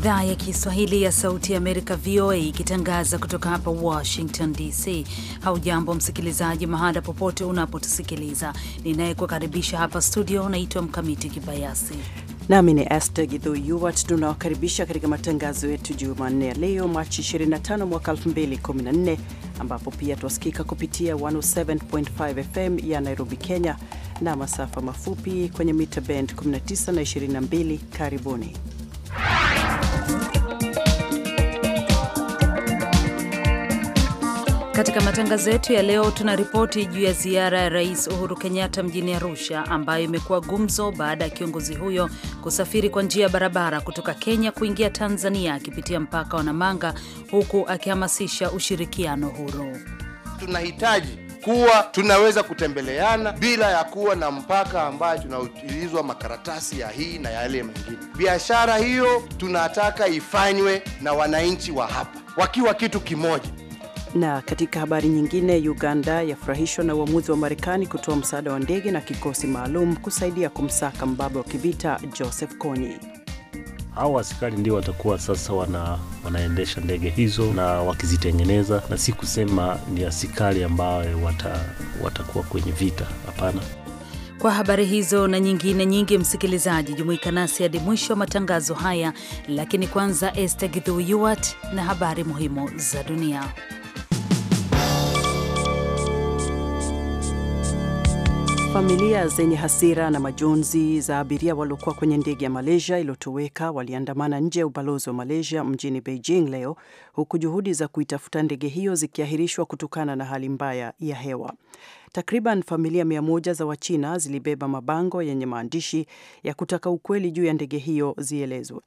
idhaa ya Kiswahili ya Sauti ya Amerika, VOA, ikitangaza kutoka hapa Washington DC. Haujambo msikilizaji, mahala popote unapotusikiliza. Ninayekukaribisha hapa studio unaitwa Mkamiti Kibayasi nami ni Esther Gidhyuwat. Tunawakaribisha katika matangazo yetu Jumanne ya leo Machi 25 mwaka 2014, ambapo pia twasikika kupitia 107.5 FM ya Nairobi, Kenya, na masafa mafupi kwenye mita bend 19 na 22. Karibuni. Katika matangazo yetu ya leo tuna ripoti juu ya ziara ya Rais Uhuru Kenyatta mjini Arusha ambayo imekuwa gumzo baada ya kiongozi huyo kusafiri kwa njia ya barabara kutoka Kenya kuingia Tanzania akipitia mpaka wa Namanga huku akihamasisha ushirikiano huru. Tunahitaji kuwa tunaweza kutembeleana bila ya kuwa na mpaka ambayo tunaulizwa makaratasi ya hii na yale mengine. Biashara hiyo tunataka ifanywe na wananchi wa hapa wakiwa kitu kimoja. Na katika habari nyingine, Uganda yafurahishwa na uamuzi wa Marekani kutoa msaada wa ndege na kikosi maalum kusaidia kumsaka mbaba wa kivita Joseph Kony. Hawa askari ndio watakuwa sasa wana, wanaendesha ndege hizo na wakizitengeneza, na si kusema ni askari ambao wata, watakuwa kwenye vita, hapana. Kwa habari hizo na nyingine nyingi, msikilizaji, jumuika nasi hadi mwisho wa matangazo haya, lakini kwanza Esther Githuwat na habari muhimu za dunia. Familia zenye hasira na majonzi za abiria waliokuwa kwenye ndege ya Malaysia iliyotoweka waliandamana nje ya ubalozi wa Malaysia mjini Beijing leo, huku juhudi za kuitafuta ndege hiyo zikiahirishwa kutokana na hali mbaya ya hewa. Takriban familia mia moja za Wachina zilibeba mabango yenye maandishi ya kutaka ukweli juu ya ndege hiyo zielezwe.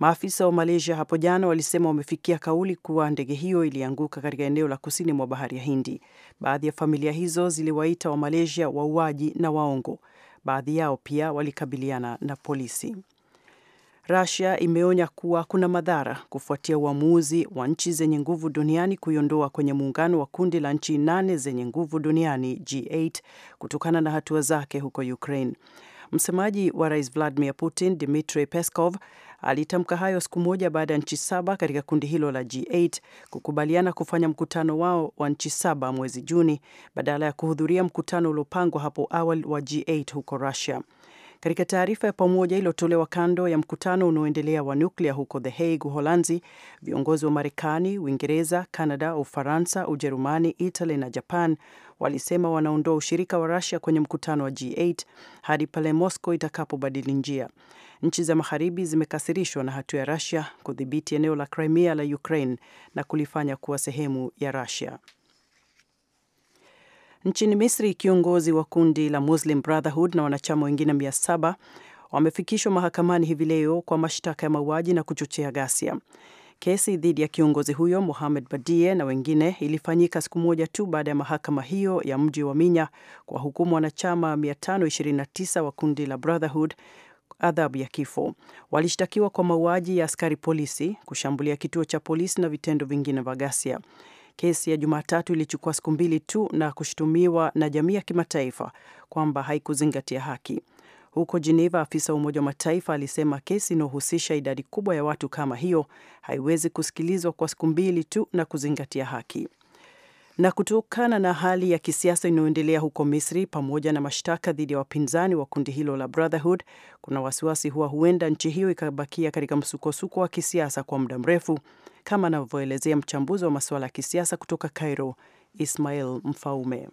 Maafisa wa Malaysia hapo jana walisema wamefikia kauli kuwa ndege hiyo ilianguka katika eneo la kusini mwa bahari ya Hindi. Baadhi ya familia hizo ziliwaita wa Malaysia wauaji na waongo. Baadhi yao pia walikabiliana na polisi. Russia imeonya kuwa kuna madhara kufuatia uamuzi wa nchi zenye nguvu duniani kuiondoa kwenye muungano wa kundi la nchi nane zenye nguvu duniani G8 kutokana na hatua zake huko Ukraine. Msemaji wa Rais Vladimir Putin, Dmitry Peskov, Alitamka hayo siku moja baada ya nchi saba katika kundi hilo la G8 kukubaliana kufanya mkutano wao wa nchi saba mwezi Juni badala ya kuhudhuria mkutano uliopangwa hapo awali wa G8 huko Russia. Katika taarifa ya pamoja iliyotolewa kando ya mkutano unaoendelea wa nuklia huko The Hague, Uholanzi, viongozi wa Marekani, Uingereza, Kanada, Ufaransa, Ujerumani, Italy na Japan walisema wanaondoa ushirika wa rasia kwenye mkutano wa G8 hadi pale Moscow itakapobadili njia. Nchi za magharibi zimekasirishwa na hatua ya rasia kudhibiti eneo la Crimea la Ukraine na kulifanya kuwa sehemu ya rusia Nchini Misri, kiongozi wa kundi la Muslim Brotherhood na wanachama wengine mia saba wamefikishwa mahakamani hivi leo kwa mashtaka ya mauaji na kuchochea ghasia. Kesi dhidi ya kiongozi huyo Mohamed Badie na wengine ilifanyika siku moja tu baada ya mahakama hiyo ya mji wa Minya kwa hukumu wanachama 529 wa kundi la Brotherhood adhabu ya kifo. Walishtakiwa kwa mauaji ya askari polisi, kushambulia kituo cha polisi na vitendo vingine vya ghasia. Kesi ya Jumatatu ilichukua siku mbili tu na kushutumiwa na jamii ya kimataifa kwamba haikuzingatia haki. Huko Geneva, afisa wa Umoja wa Mataifa alisema kesi inayohusisha idadi kubwa ya watu kama hiyo haiwezi kusikilizwa kwa siku mbili tu na kuzingatia haki. Na kutokana na hali ya kisiasa inayoendelea huko Misri pamoja na mashtaka dhidi ya wapinzani wa, wa kundi hilo la Brotherhood, kuna wasiwasi huwa huenda nchi hiyo ikabakia katika msukosuko wa kisiasa kwa muda mrefu, kama anavyoelezea mchambuzi wa masuala ya kisiasa kutoka Cairo, Ismail Mfaume.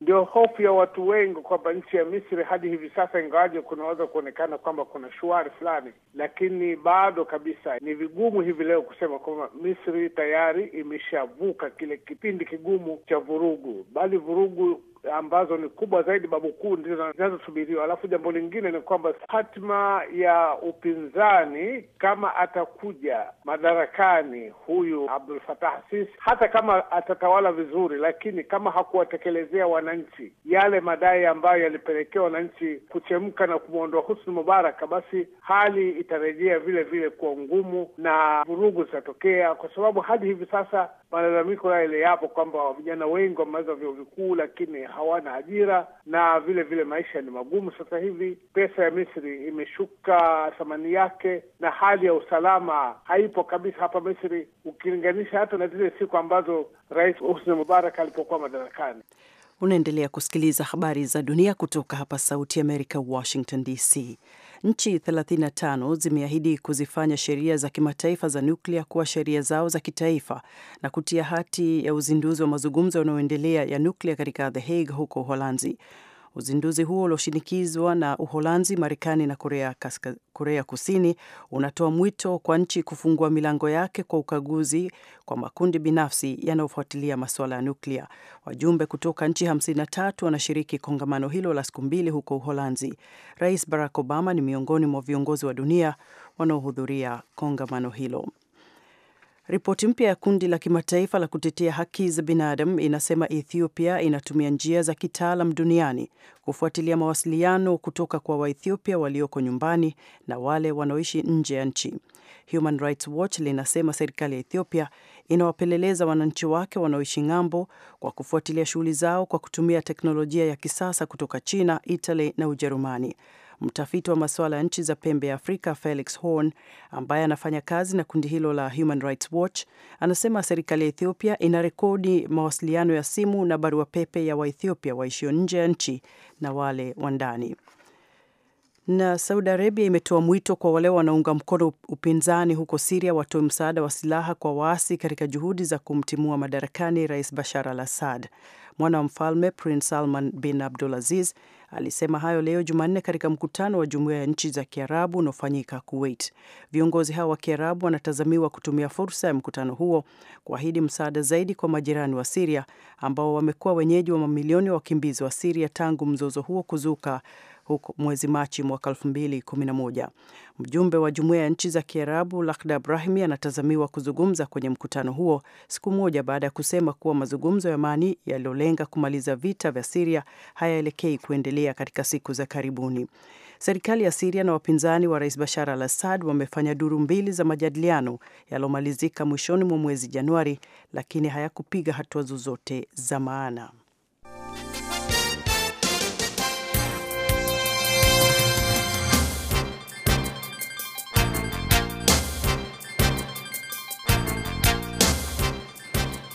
Ndio hofu ya watu wengi kwamba nchi ya Misri hadi hivi sasa, ingawaje kunaweza kuonekana kwamba kuna shuari fulani, lakini bado kabisa ni vigumu hivi leo kusema kwamba Misri tayari imeshavuka kile kipindi kigumu cha vurugu, bali vurugu ambazo ni kubwa zaidi, babu kuu ndizo zinazosubiriwa. Alafu jambo lingine ni kwamba hatima ya upinzani kama atakuja madarakani huyu Abdul Fatah Sisi, hata kama atatawala vizuri, lakini kama hakuwatekelezea wananchi yale madai ambayo yalipelekea wananchi kuchemka na kumwondoa Husni Mubaraka, basi hali itarejea vile vile kuwa ngumu na vurugu zitatokea, kwa sababu hadi hivi sasa malalamiko yale yapo kwamba vijana wengi wamemaliza vyuo vikuu lakini hawana ajira na vile vile maisha ni magumu sasa hivi. Pesa ya Misri imeshuka thamani yake, na hali ya usalama haipo kabisa hapa Misri, ukilinganisha hata na zile siku ambazo Rais Husni Mubarak alipokuwa madarakani. Unaendelea kusikiliza habari za dunia kutoka hapa Sauti ya Amerika, Washington DC. Nchi 35 zimeahidi kuzifanya sheria za kimataifa za nuklia kuwa sheria zao za kitaifa na kutia hati ya uzinduzi wa mazungumzo yanayoendelea ya nuklia katika The Hague huko Uholanzi. Uzinduzi huo ulioshinikizwa na Uholanzi, Marekani na Korea, kaska, Korea Kusini unatoa mwito kwa nchi kufungua milango yake kwa ukaguzi kwa makundi binafsi yanayofuatilia masuala ya nuklia. Wajumbe kutoka nchi 53 wanashiriki kongamano hilo la siku mbili huko Uholanzi. Rais Barack Obama ni miongoni mwa viongozi wa dunia wanaohudhuria kongamano hilo. Ripoti mpya ya kundi la kimataifa la kutetea haki za binadamu inasema Ethiopia inatumia njia za kitaalam duniani kufuatilia mawasiliano kutoka kwa Waethiopia walioko nyumbani na wale wanaoishi nje ya nchi. Human Rights Watch linasema serikali ya Ethiopia inawapeleleza wananchi wake wanaoishi ng'ambo kwa kufuatilia shughuli zao kwa kutumia teknolojia ya kisasa kutoka China, Italy na Ujerumani. Mtafiti wa masuala ya nchi za pembe ya Afrika Felix Horn, ambaye anafanya kazi na kundi hilo la Human Rights Watch, anasema serikali ya Ethiopia ina rekodi mawasiliano ya simu na barua pepe ya Waethiopia waishio nje ya nchi na wale wa ndani na Saudi Arabia imetoa mwito kwa wale wanaunga mkono upinzani huko Siria watoe msaada wa silaha kwa waasi katika juhudi za kumtimua madarakani Rais Bashar al Assad. Mwana wa mfalme Prince Salman bin Abdulaziz alisema hayo leo Jumanne katika mkutano wa jumuiya ya nchi za Kiarabu unaofanyika Kuwait. Viongozi hao wa Kiarabu wanatazamiwa kutumia fursa ya mkutano huo kuahidi msaada zaidi kwa majirani wa Siria ambao wamekuwa wenyeji wa mamilioni ya wakimbizi wa Siria tangu mzozo huo kuzuka huko mwezi Machi mwaka 2011. Mjumbe wa Jumuiya ya Nchi za Kiarabu Lakhdar Brahimi anatazamiwa kuzungumza kwenye mkutano huo siku moja baada ya kusema kuwa mazungumzo ya amani yaliyolenga kumaliza vita vya Siria hayaelekei kuendelea katika siku za karibuni. Serikali ya Siria na wapinzani wa Rais Bashar al Assad wamefanya duru mbili za majadiliano yaliyomalizika mwishoni mwa mwezi Januari, lakini hayakupiga hatua zozote za maana.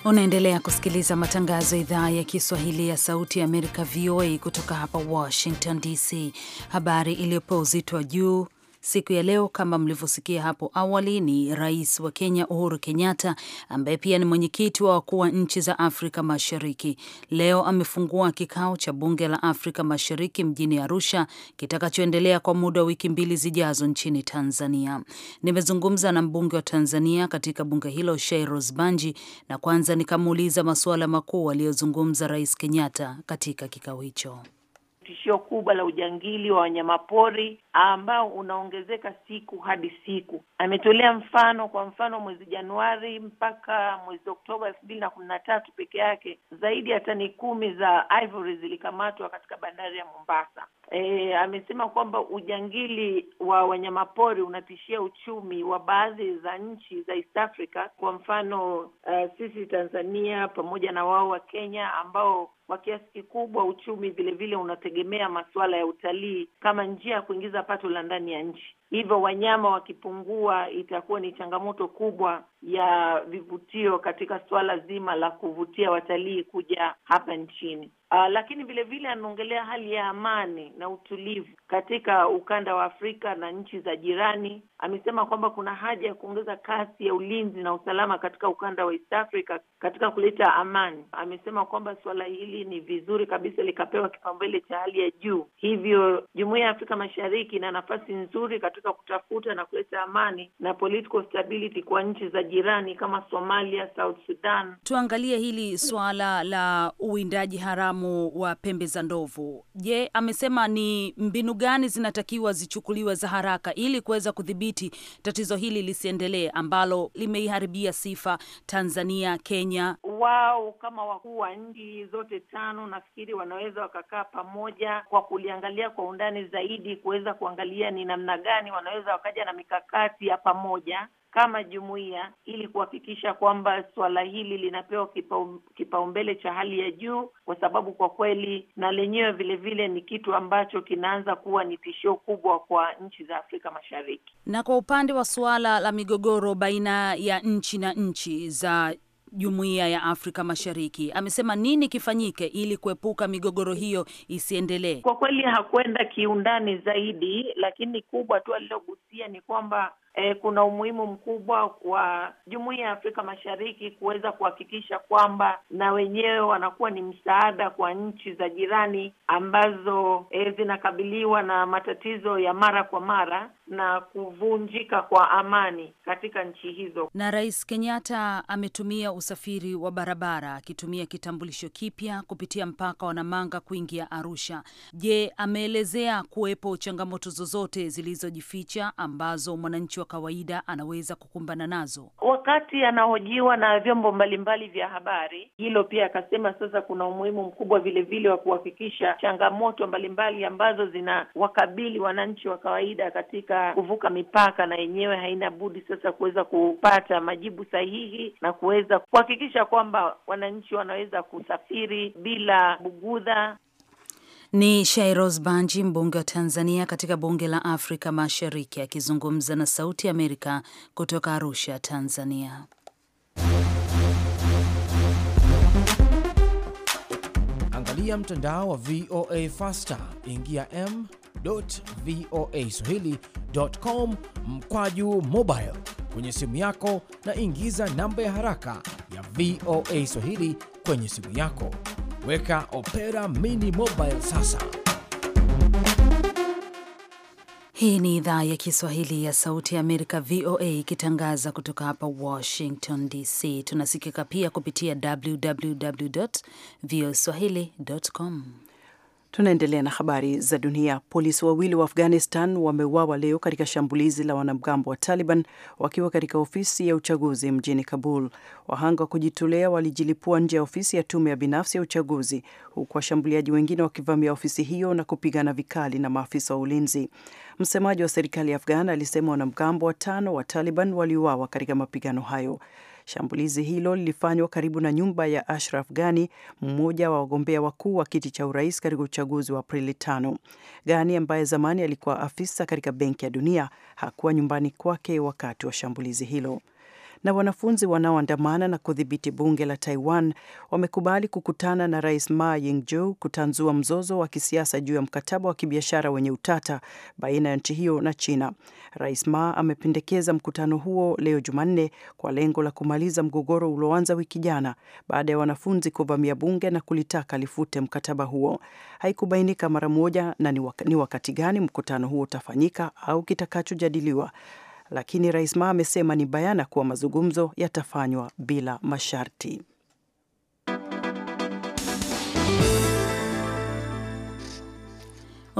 Unaendelea kusikiliza matangazo ya idhaa ya Kiswahili ya Sauti ya Amerika, VOA, kutoka hapa Washington DC. Habari iliyopewa uzito wa juu siku ya leo, kama mlivyosikia hapo awali, ni rais wa Kenya Uhuru Kenyatta ambaye pia ni mwenyekiti wa wakuu wa nchi za Afrika Mashariki. Leo amefungua kikao cha bunge la Afrika Mashariki mjini Arusha kitakachoendelea kwa muda wa wiki mbili zijazo nchini Tanzania. Nimezungumza na mbunge wa Tanzania katika bunge hilo Shairos Banji, na kwanza nikamuuliza masuala makuu aliyozungumza Rais Kenyatta katika kikao hicho tishio kubwa la ujangili wa wanyamapori ambao unaongezeka siku hadi siku. Ametolea mfano, kwa mfano mwezi Januari mpaka mwezi Oktoba elfu mbili na kumi na tatu peke yake zaidi ya tani kumi za ivory zilikamatwa katika bandari ya Mombasa. E, amesema kwamba ujangili wa wanyamapori unatishia uchumi wa baadhi za nchi za East Africa, kwa mfano uh, sisi Tanzania pamoja na wao wa Kenya ambao kwa kiasi kikubwa uchumi vilevile unategemea masuala ya utalii kama njia ya kuingiza pato la ndani ya nchi. Hivyo wanyama wakipungua, itakuwa ni changamoto kubwa ya vivutio katika suala zima la kuvutia watalii kuja hapa nchini. Uh, lakini vile vile ameongelea hali ya amani na utulivu katika ukanda wa Afrika na nchi za jirani. Amesema kwamba kuna haja ya kuongeza kasi ya ulinzi na usalama katika ukanda wa East Africa katika kuleta amani. Amesema kwamba suala hili ni vizuri kabisa likapewa kipaumbele cha hali ya juu, hivyo Jumuiya ya Afrika Mashariki ina nafasi nzuri katika kutafuta na kuleta amani na political stability kwa nchi za jirani kama Somalia, South Sudan. Tuangalie hili suala la uwindaji haramu wataalamu wa pembe za ndovu. Je, amesema ni mbinu gani zinatakiwa zichukuliwe za haraka ili kuweza kudhibiti tatizo hili lisiendelee ambalo limeiharibia sifa Tanzania, Kenya? Wao kama wakuu wa nchi zote tano nafikiri wanaweza wakakaa pamoja kwa kuliangalia kwa undani zaidi, kuweza kuangalia ni namna gani wanaweza wakaja na mikakati ya pamoja kama jumuiya ili kuhakikisha kwamba suala hili linapewa kipaumbele kipa cha hali ya juu, kwa sababu kwa kweli na lenyewe vilevile ni kitu ambacho kinaanza kuwa ni tishio kubwa kwa nchi za Afrika Mashariki. Na kwa upande wa suala la migogoro baina ya nchi na nchi za Jumuiya ya Afrika Mashariki amesema nini kifanyike ili kuepuka migogoro hiyo isiendelee? Kwa kweli hakwenda kiundani zaidi, lakini kubwa tu alilogusia ni kwamba e, kuna umuhimu mkubwa kwa Jumuiya ya Afrika Mashariki kuweza kuhakikisha kwamba na wenyewe wanakuwa ni msaada kwa nchi za jirani ambazo e, zinakabiliwa na matatizo ya mara kwa mara na kuvunjika kwa amani katika nchi hizo. Na Rais Kenyatta ametumia usafiri wa barabara akitumia kitambulisho kipya kupitia mpaka wa Namanga kuingia Arusha. Je, ameelezea kuwepo changamoto zozote zilizojificha ambazo mwananchi wa kawaida anaweza kukumbana nazo. Wakati anahojiwa na vyombo mbalimbali vya habari, hilo pia akasema sasa kuna umuhimu mkubwa vilevile wa kuhakikisha changamoto mbalimbali ambazo zinawakabili wananchi wa kawaida katika kuvuka mipaka, na yenyewe haina budi sasa kuweza kupata majibu sahihi na kuweza kuhakikisha kwamba wananchi wanaweza kusafiri bila bugudha. Ni Shairos Banji, mbunge wa Tanzania katika bunge la Afrika Mashariki, akizungumza na Sauti ya Amerika kutoka Arusha, Tanzania. Angalia mtandao wa VOA fasta ingia m.voaswahili.com mkwaju mobile kwenye simu yako na ingiza namba ya haraka ya VOA Swahili kwenye simu yako weka Opera Mini Mobile sasa. Hii ni idhaa ya Kiswahili ya Sauti ya Amerika, VOA, ikitangaza kutoka hapa Washington DC. Tunasikika pia kupitia www voaswahili.com. Tunaendelea na habari za dunia. Polisi wawili wa Afghanistan wameuawa leo katika shambulizi la wanamgambo wa Taliban wakiwa katika ofisi ya uchaguzi mjini Kabul. Wahanga wa kujitolea walijilipua nje ya ofisi ya tume ya binafsi ya uchaguzi, huku washambuliaji wengine wakivamia ofisi hiyo na kupigana vikali na maafisa wa ulinzi. Msemaji wa serikali ya Afghan alisema wanamgambo watano wa Taliban waliuawa katika mapigano hayo. Shambulizi hilo lilifanywa karibu na nyumba ya Ashraf Ghani, mmoja wa wagombea wakuu wa kiti cha urais katika uchaguzi wa Aprili tano. Ghani ambaye zamani alikuwa afisa katika Benki ya Dunia hakuwa nyumbani kwake wakati wa shambulizi hilo na wanafunzi wanaoandamana na kudhibiti bunge la Taiwan wamekubali kukutana na Rais Ma Ying-jeou kutanzua mzozo wa kisiasa juu ya mkataba wa kibiashara wenye utata baina ya nchi hiyo na China. Rais Ma amependekeza mkutano huo leo Jumanne kwa lengo la kumaliza mgogoro ulioanza wiki jana baada ya wanafunzi kuvamia bunge na kulitaka lifute mkataba huo. Haikubainika mara moja na ni wakati gani mkutano huo utafanyika au kitakachojadiliwa lakini Rais Ma amesema ni bayana kuwa mazungumzo yatafanywa bila masharti.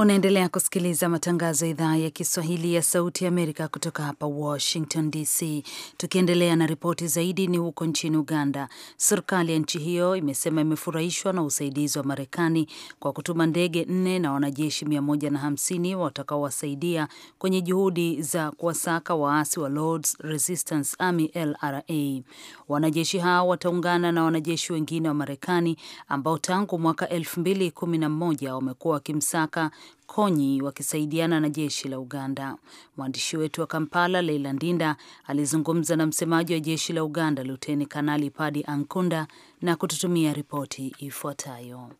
Unaendelea kusikiliza matangazo ya idhaa ya Kiswahili ya Sauti ya Amerika kutoka hapa Washington DC. Tukiendelea na ripoti zaidi, ni huko nchini Uganda. Serikali ya nchi hiyo imesema imefurahishwa na usaidizi wa Marekani kwa kutuma ndege nne na wanajeshi 150 watakaowasaidia kwenye juhudi za kuwasaka waasi wa Lords Resistance Army LRA. Wanajeshi hao wataungana na wanajeshi wengine wa Marekani ambao tangu mwaka 2011 wamekuwa wakimsaka Konyi wakisaidiana na jeshi la Uganda. Mwandishi wetu wa Kampala, Leila Ndinda, alizungumza na msemaji wa jeshi la Uganda, Luteni Kanali Padi Ankunda, na kututumia ripoti ifuatayo.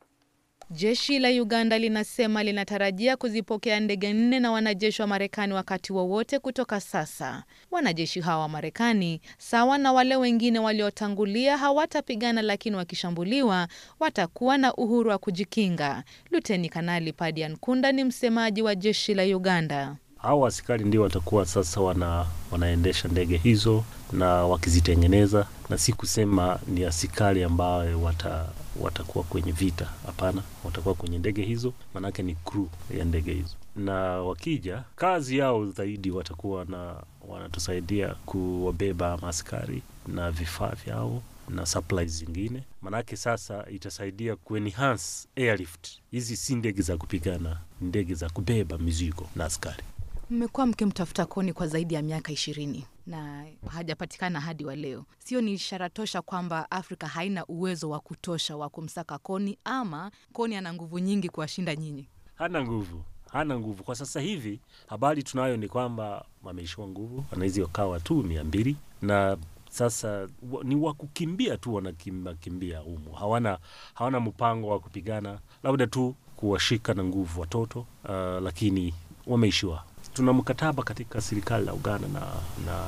Jeshi la Uganda linasema linatarajia kuzipokea ndege nne na wanajeshi wa Marekani wakati wowote wa kutoka sasa. Wanajeshi hawa wa Marekani, sawa na wale wengine waliotangulia, hawatapigana lakini wakishambuliwa watakuwa na uhuru wa kujikinga. Luteni Kanali Paddy Ankunda ni msemaji wa jeshi la Uganda. Hawa askari ndio watakuwa sasa wana, wanaendesha ndege hizo na wakizitengeneza, na si kusema ni askari ambayo wata watakuwa kwenye vita. Hapana, watakuwa kwenye ndege hizo, maanake ni crew ya ndege hizo, na wakija, kazi yao zaidi watakuwa na wanatusaidia kuwabeba maaskari na vifaa vyao na supplies zingine, manake sasa itasaidia kuenhance airlift. Hizi si ndege za kupigana, ndege za kubeba mizigo na askari. Mmekuwa mkimtafuta Koni kwa zaidi ya miaka ishirini na hajapatikana hadi wa leo. Sio ni ishara tosha kwamba Afrika haina uwezo wa kutosha wa kumsaka Koni, ama Koni ana nguvu nyingi kuwashinda nyinyi? Hana nguvu, hana nguvu kwa sasa hivi. Habari tunayo ni kwamba wameishiwa nguvu, wanawezi wakawa tu mia mbili na sasa ni wakukimbia tu, wanakimbia humu, hawana, hawana mpango wa kupigana, labda tu kuwashika na nguvu watoto uh, lakini wameishiwa tuna mkataba katika serikali la Uganda na, na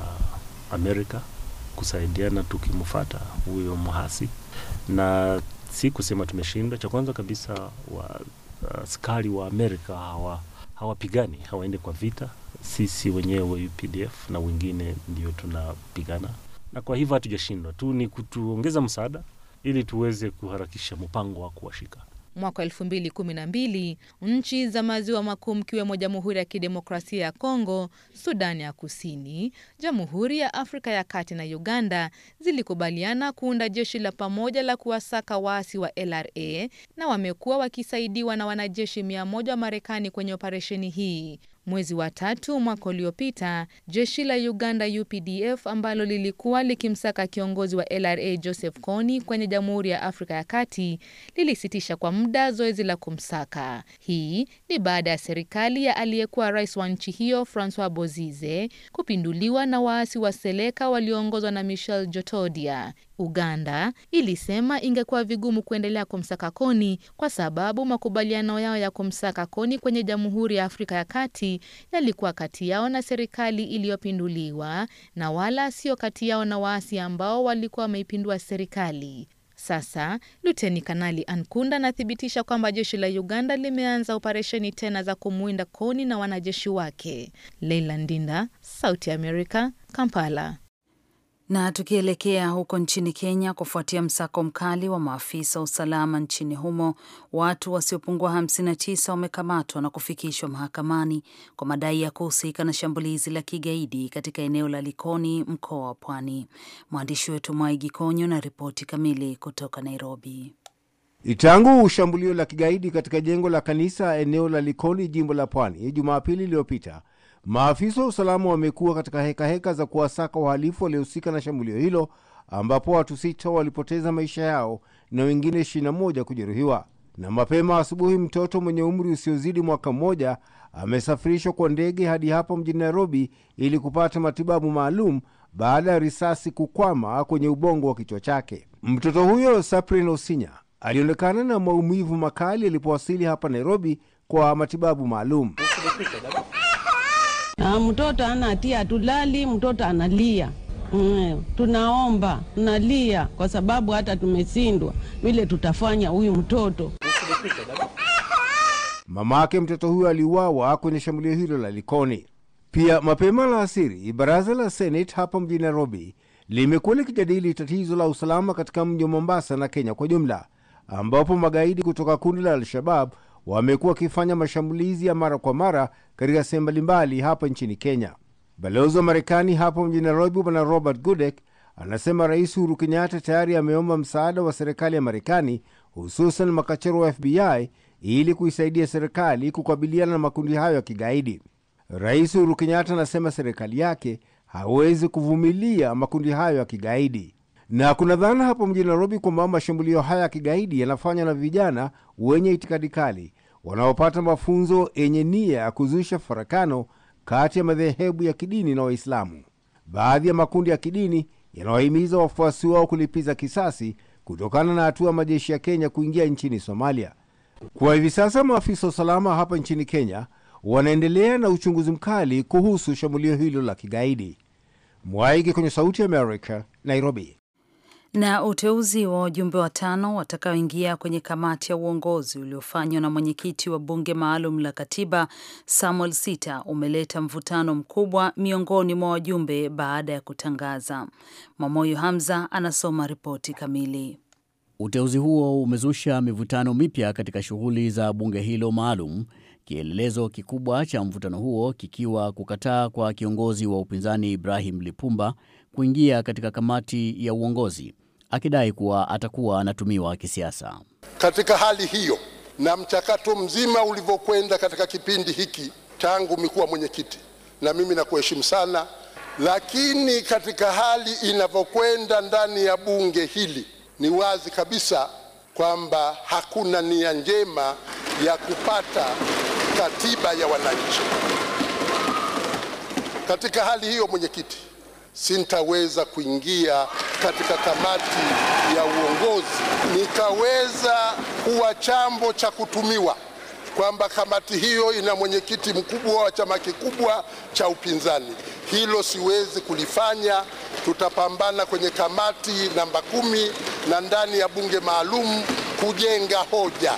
Amerika kusaidiana tukimfata huyo mhasi, na si kusema tumeshindwa. Cha kwanza kabisa wa uh, askari wa Amerika hawa hawapigani hawaende kwa vita. Sisi wenyewe UPDF na wengine ndio tunapigana, na kwa hivyo hatujashindwa tu, ni kutuongeza msaada ili tuweze kuharakisha mpango wa kuwashika mwaka mbili nchi za maziwa makuu mkiwemo Jamhuri ya Kidemokrasia ya Kongo, Sudani ya Kusini, Jamhuri ya Afrika ya Kati na Uganda zilikubaliana kuunda jeshi la pamoja la kuwasaka waasi wa LRA na wamekuwa wakisaidiwa na wanajeshi moja wa Marekani kwenye operesheni hii. Mwezi wa tatu mwaka uliopita, jeshi la Uganda UPDF ambalo lilikuwa likimsaka kiongozi wa LRA Joseph Kony kwenye Jamhuri ya Afrika ya Kati lilisitisha kwa muda zoezi la kumsaka. Hii ni baada ya serikali ya aliyekuwa rais wa nchi hiyo Francois Bozize kupinduliwa na waasi wa Seleka walioongozwa na Michel Jotodia. Uganda ilisema ingekuwa vigumu kuendelea kumsaka Koni kwa sababu makubaliano yao ya kumsaka Koni kwenye Jamhuri ya Afrika ya Kati yalikuwa kati yao na serikali iliyopinduliwa na wala sio kati yao na waasi ambao walikuwa wameipindua serikali. Sasa Luteni Kanali Ankunda anathibitisha kwamba jeshi la Uganda limeanza operesheni tena za kumwinda Koni na wanajeshi wake. Leila Ndinda, Sauti ya Kampala. Na tukielekea huko nchini Kenya, kufuatia msako mkali wa maafisa wa usalama nchini humo, watu wasiopungua 59 wamekamatwa na kufikishwa mahakamani kwa madai ya kuhusika na shambulizi la kigaidi katika eneo la Likoni, mkoa wa Pwani. Mwandishi wetu Mwai Gikonyo na ripoti kamili kutoka Nairobi. Tangu shambulio la kigaidi katika jengo la kanisa eneo la Likoni, jimbo la Pwani, Jumapili iliyopita Maafisa wa usalama wamekuwa katika hekaheka heka za kuwasaka wahalifu waliohusika na shambulio hilo ambapo watu sita walipoteza maisha yao na wengine 21 kujeruhiwa. Na mapema asubuhi, mtoto mwenye umri usiozidi mwaka mmoja amesafirishwa kwa ndege hadi hapo mjini Nairobi ili kupata matibabu maalum baada ya risasi kukwama kwenye ubongo wa kichwa chake. Mtoto huyo Saprin Osinya alionekana na maumivu makali alipowasili hapa Nairobi kwa matibabu maalum. Na mtoto ana hatia, tulali mtoto analia. Mm, tunaomba nalia kwa sababu hata tumeshindwa vile tutafanya huyu mtoto. Mama yake mtoto huyo aliuawa kwenye shambulio hilo la Likoni. Pia mapema la asiri, baraza la Senate hapa mjini Nairobi limekuwa likijadili tatizo la usalama katika mji wa Mombasa na Kenya kwa jumla, ambapo magaidi kutoka kundi la Al-Shabab wamekuwa wakifanya mashambulizi ya mara kwa mara katika sehemu mbalimbali hapa nchini Kenya. Balozi wa Marekani hapo mjini Nairobi, Bwana Robert Gudek, anasema Rais Uhuru Kenyatta tayari ameomba msaada wa serikali ya Marekani, hususan makachero wa FBI ili kuisaidia serikali kukabiliana na makundi hayo ya kigaidi. Rais Uhuru Kenyatta anasema serikali yake hawezi kuvumilia makundi hayo ya kigaidi. Na kuna dhana hapo mjini Nairobi kwamba mashambulio haya ya kigaidi yanafanywa na vijana wenye itikadi kali wanaopata mafunzo yenye nia ya kuzusha farakano kati ya madhehebu ya kidini na Waislamu. Baadhi ya makundi ya kidini yanawahimiza wafuasi wao kulipiza kisasi kutokana na hatua ya majeshi ya Kenya kuingia nchini Somalia. Kwa hivi sasa maafisa wa usalama hapa nchini Kenya wanaendelea na uchunguzi mkali kuhusu shambulio hilo la kigaidi. Mwaigi kwenye Sauti ya Nairobi. Na uteuzi wa wajumbe watano watakaoingia kwenye kamati ya uongozi uliofanywa na mwenyekiti wa bunge maalum la katiba Samuel Sita umeleta mvutano mkubwa miongoni mwa wajumbe baada ya kutangaza. Mwamoyo Hamza anasoma ripoti kamili. Uteuzi huo umezusha mivutano mipya katika shughuli za bunge hilo maalum, kielelezo kikubwa cha mvutano huo kikiwa kukataa kwa kiongozi wa upinzani Ibrahim Lipumba kuingia katika kamati ya uongozi akidai kuwa atakuwa anatumiwa kisiasa. Katika hali hiyo na mchakato mzima ulivyokwenda katika kipindi hiki tangu mikuwa mwenyekiti, na mimi nakuheshimu sana, lakini katika hali inavyokwenda ndani ya bunge hili ni wazi kabisa kwamba hakuna nia njema ya kupata katiba ya wananchi. Katika hali hiyo, mwenyekiti sintaweza kuingia katika kamati ya uongozi, nikaweza kuwa chambo cha kutumiwa kwamba kamati hiyo ina mwenyekiti mkubwa wa chama kikubwa cha upinzani. Hilo siwezi kulifanya. Tutapambana kwenye kamati namba kumi na ndani ya bunge maalum kujenga hoja.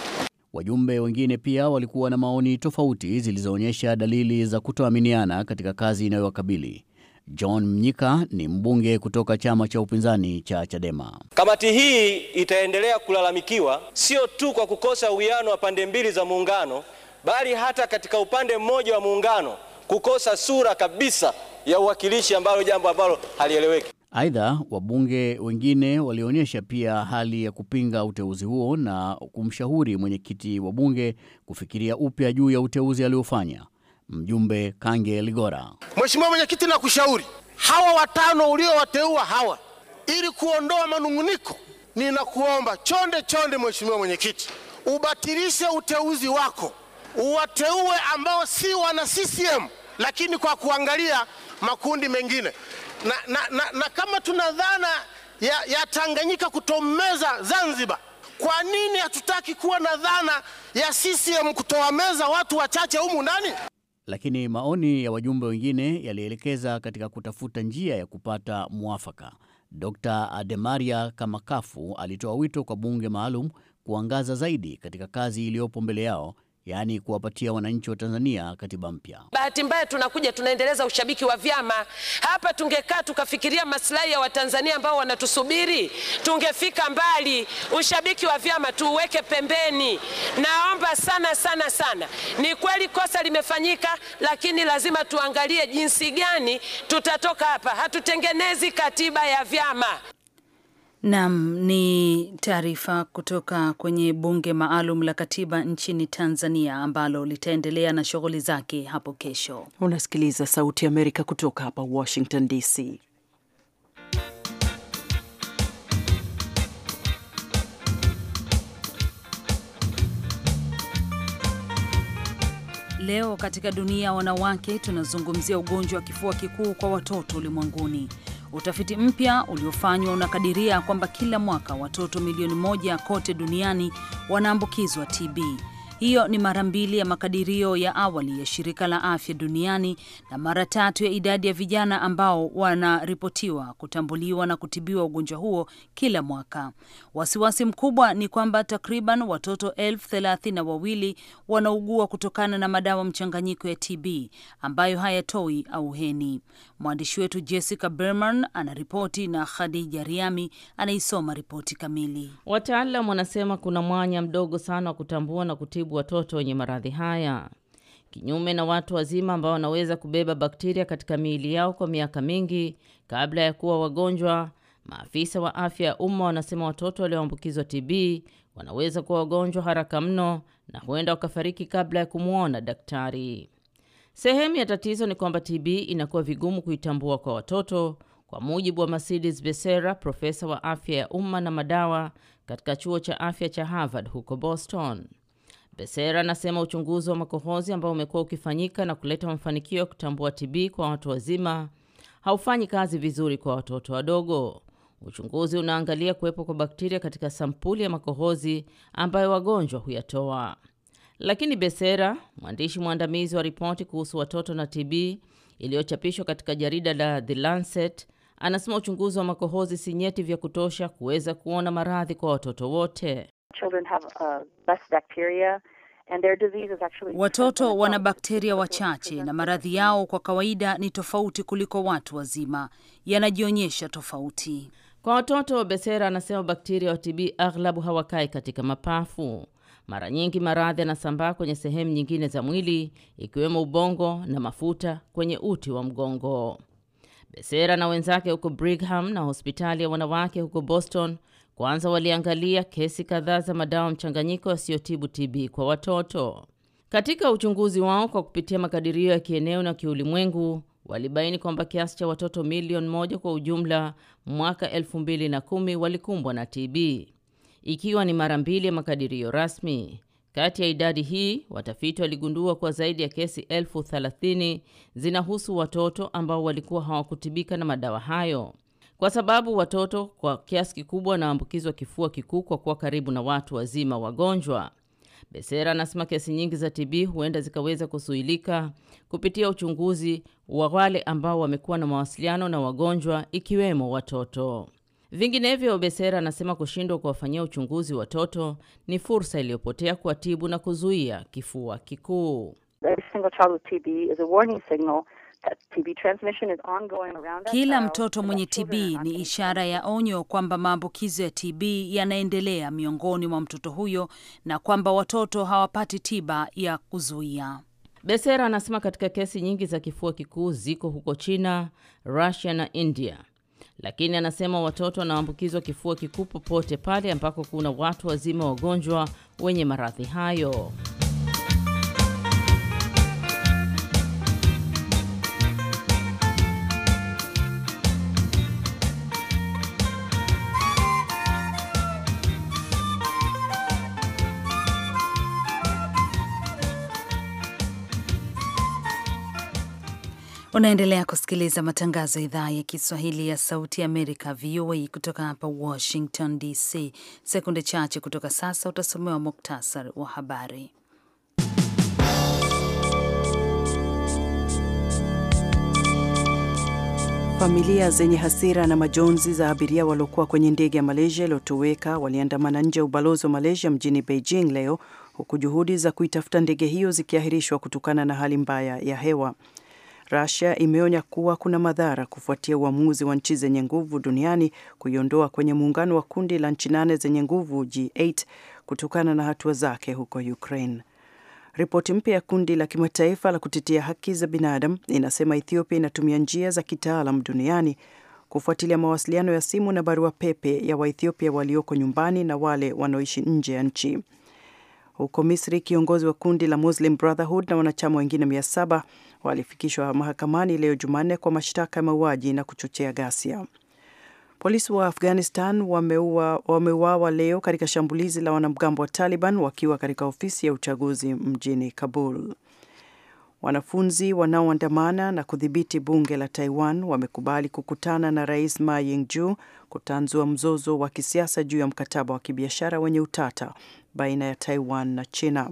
Wajumbe wengine pia walikuwa na maoni tofauti zilizoonyesha dalili za kutoaminiana katika kazi inayowakabili. John Mnyika ni mbunge kutoka chama cha upinzani cha Chadema. Kamati hii itaendelea kulalamikiwa sio tu kwa kukosa uwiano wa pande mbili za muungano, bali hata katika upande mmoja wa muungano kukosa sura kabisa ya uwakilishi, ambalo jambo ambalo halieleweki. Aidha, wabunge wengine walionyesha pia hali ya kupinga uteuzi huo na kumshauri mwenyekiti wa bunge kufikiria upya juu ya uteuzi aliofanya mjumbe Kange Ligora. Mheshimiwa Mwenyekiti, na kushauri hawa watano uliowateua hawa ili kuondoa manunguniko, ninakuomba chonde chonde, Mheshimiwa Mwenyekiti, ubatilishe uteuzi wako, uwateue ambao si wana CCM lakini kwa kuangalia makundi mengine na, na, na, na kama tuna dhana ya, ya Tanganyika kutomeza Zanzibar, kwa nini hatutaki kuwa na dhana ya CCM kutoa meza watu wachache humu ndani? lakini maoni ya wajumbe wengine yalielekeza katika kutafuta njia ya kupata mwafaka. Dr Ademaria Kamakafu alitoa wito kwa bunge maalum kuangaza zaidi katika kazi iliyopo mbele yao yaani kuwapatia wananchi wa Tanzania katiba mpya. Bahati mbaya tunakuja tunaendeleza ushabiki wa vyama hapa. Tungekaa tukafikiria maslahi ya Watanzania ambao wanatusubiri, tungefika mbali. Ushabiki wa vyama tuuweke pembeni. Naomba sana sana sana, ni kweli kosa limefanyika, lakini lazima tuangalie jinsi gani tutatoka hapa. Hatutengenezi katiba ya vyama. Nam ni taarifa kutoka kwenye bunge maalum la katiba nchini Tanzania ambalo litaendelea na shughuli zake hapo kesho. Unasikiliza Sauti ya Amerika kutoka hapa Washington DC. Leo katika dunia ya wanawake tunazungumzia ugonjwa wa kifua kikuu kwa watoto ulimwenguni. Utafiti mpya uliofanywa unakadiria kwamba kila mwaka watoto milioni moja kote duniani wanaambukizwa TB hiyo ni mara mbili ya makadirio ya awali ya shirika la afya duniani na mara tatu ya idadi ya vijana ambao wanaripotiwa kutambuliwa na kutibiwa ugonjwa huo kila mwaka. Wasiwasi mkubwa ni kwamba takriban watoto elfu thelathini na wawili wanaugua kutokana na madawa mchanganyiko ya TB ambayo hayatoi auheni. Mwandishi wetu Jessica Berman anaripoti na Khadija Riami anaisoma ripoti kamili. Wataalam wanasema kuna mwanya mdogo sana wa kutambua na kutibu kutibu watoto wenye maradhi haya, kinyume na watu wazima ambao wanaweza kubeba bakteria katika miili yao kwa miaka mingi kabla ya kuwa wagonjwa. Maafisa wa afya ya umma wanasema watoto walioambukizwa TB wanaweza kuwa wagonjwa haraka mno na huenda wakafariki kabla ya kumwona daktari. Sehemu ya tatizo ni kwamba TB inakuwa vigumu kuitambua kwa watoto, kwa mujibu wa Mercedes Besera, profesa wa afya ya umma na madawa katika chuo cha afya cha Harvard huko Boston. Besera anasema uchunguzi wa makohozi ambao umekuwa ukifanyika na kuleta mafanikio ya kutambua TB kwa watu wazima haufanyi kazi vizuri kwa watoto wadogo. Uchunguzi unaangalia kuwepo kwa bakteria katika sampuli ya makohozi ambayo wagonjwa huyatoa. Lakini Besera, mwandishi mwandamizi wa ripoti kuhusu watoto na TB iliyochapishwa katika jarida la The Lancet, anasema uchunguzi wa makohozi si nyeti vya kutosha kuweza kuona maradhi kwa watoto wote children have uh, less bacteria and their disease is actually watoto wana bakteria wachache na maradhi yao kwa kawaida ni tofauti kuliko watu wazima, yanajionyesha tofauti kwa watoto. Besera anasema bakteria wa TB aghlabu hawakai katika mapafu. Mara nyingi maradhi yanasambaa kwenye sehemu nyingine za mwili ikiwemo ubongo na mafuta kwenye uti wa mgongo. Besera na wenzake huko Brigham na hospitali ya wanawake huko Boston kwanza waliangalia kesi kadhaa za madawa mchanganyiko yasiyotibu TB kwa watoto. Katika uchunguzi wao kwa kupitia makadirio ya kieneo na kiulimwengu, walibaini kwamba kiasi cha watoto milioni moja kwa ujumla mwaka elfu mbili na kumi walikumbwa na TB, ikiwa ni mara mbili ya makadirio rasmi. Kati ya idadi hii, watafiti waligundua kuwa zaidi ya kesi elfu thelathini zinahusu watoto ambao walikuwa hawakutibika na madawa hayo kwa sababu watoto kwa kiasi kikubwa wanaambukizwa kifua kikuu kwa kuwa karibu na watu wazima wagonjwa. Besera anasema kesi nyingi za TB huenda zikaweza kuzuilika kupitia uchunguzi wa wale ambao wamekuwa na mawasiliano na wagonjwa ikiwemo watoto. Vinginevyo, Besera anasema kushindwa kuwafanyia uchunguzi watoto ni fursa iliyopotea kuwatibu na kuzuia kifua kikuu. Kila mtoto mwenye TB ni ishara ya onyo kwamba maambukizo ya TB yanaendelea miongoni mwa mtoto huyo na kwamba watoto hawapati tiba ya kuzuia. Besera anasema katika kesi nyingi za kifua kikuu ziko huko China, Russia na India, lakini anasema watoto wanaoambukizwa kifua kikuu popote pale ambako kuna watu wazima wagonjwa wenye maradhi hayo. Unaendelea kusikiliza matangazo ya idhaa ya Kiswahili ya Sauti ya Amerika, VOA, kutoka hapa Washington DC. Sekunde chache kutoka sasa utasomewa muktasari wa habari. Familia zenye hasira na majonzi za abiria waliokuwa kwenye ndege ya Malaysia iliyotoweka waliandamana nje ya ubalozi wa Malaysia mjini Beijing leo, huku juhudi za kuitafuta ndege hiyo zikiahirishwa kutokana na hali mbaya ya hewa. Russia imeonya kuwa kuna madhara kufuatia uamuzi wa nchi zenye nguvu duniani kuiondoa kwenye muungano wa kundi la nchi nane zenye nguvu G8 kutokana na hatua zake huko Ukraine. Ripoti mpya ya kundi la kimataifa la kutetea haki za binadamu inasema Ethiopia inatumia njia za kitaalam duniani kufuatilia mawasiliano ya simu na barua pepe ya Waethiopia walioko nyumbani na wale wanaoishi nje ya nchi. Huko Misri, kiongozi wa kundi la Muslim Brotherhood na wanachama wengine mia saba walifikishwa mahakamani leo Jumanne kwa mashtaka ya mauaji na kuchochea ghasia. Polisi wa Afghanistan wameuawa wameuawa leo katika shambulizi la wanamgambo wa Taliban wakiwa katika ofisi ya uchaguzi mjini Kabul. Wanafunzi wanaoandamana na kudhibiti bunge la Taiwan wamekubali kukutana na Rais Ma ying ju kutanzua mzozo wa kisiasa juu ya mkataba wa kibiashara wenye utata baina ya Taiwan na China.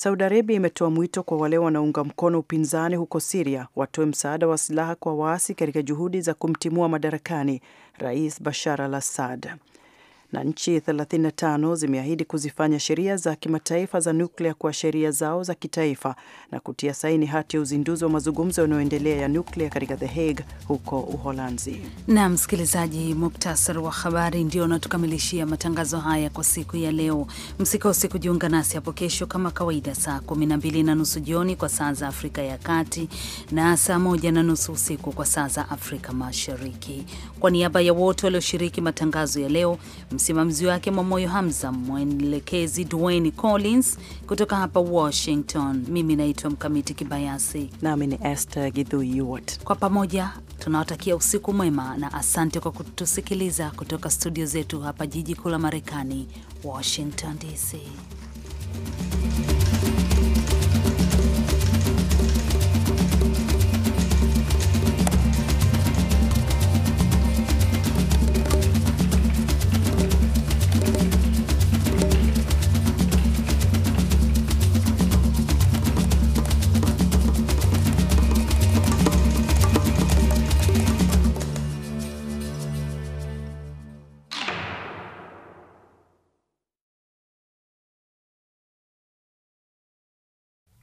Saudi Arabia imetoa mwito kwa wale wanaunga mkono upinzani huko Siria watoe msaada wa silaha kwa waasi katika juhudi za kumtimua madarakani Rais Bashar al-Assad na nchi 35 zimeahidi kuzifanya sheria za kimataifa za nuklia kuwa sheria zao za kitaifa na kutia saini hati ya uzinduzi wa mazungumzo yanayoendelea ya nuklia katika The Hague huko Uholanzi. Na msikilizaji, muktasar wa habari ndio unatukamilishia matangazo haya kwa siku ya leo. Msikose kujiunga nasi hapo kesho kama kawaida, saa 12 na nusu jioni kwa saa za Afrika ya Kati na saa moja na nusu usiku kwa saa za Afrika Mashariki. Kwa niaba ya wote walioshiriki matangazo ya leo msimamizi wake Mwamoyo Hamza, mwelekezi Dwayne Collins. Kutoka hapa Washington, mimi naitwa Mkamiti Kibayasi nami ni Esther Gidhuyuot. Kwa pamoja tunawatakia usiku mwema na asante kwa kutusikiliza kutoka studio zetu hapa jiji kuu la Marekani, Washington DC.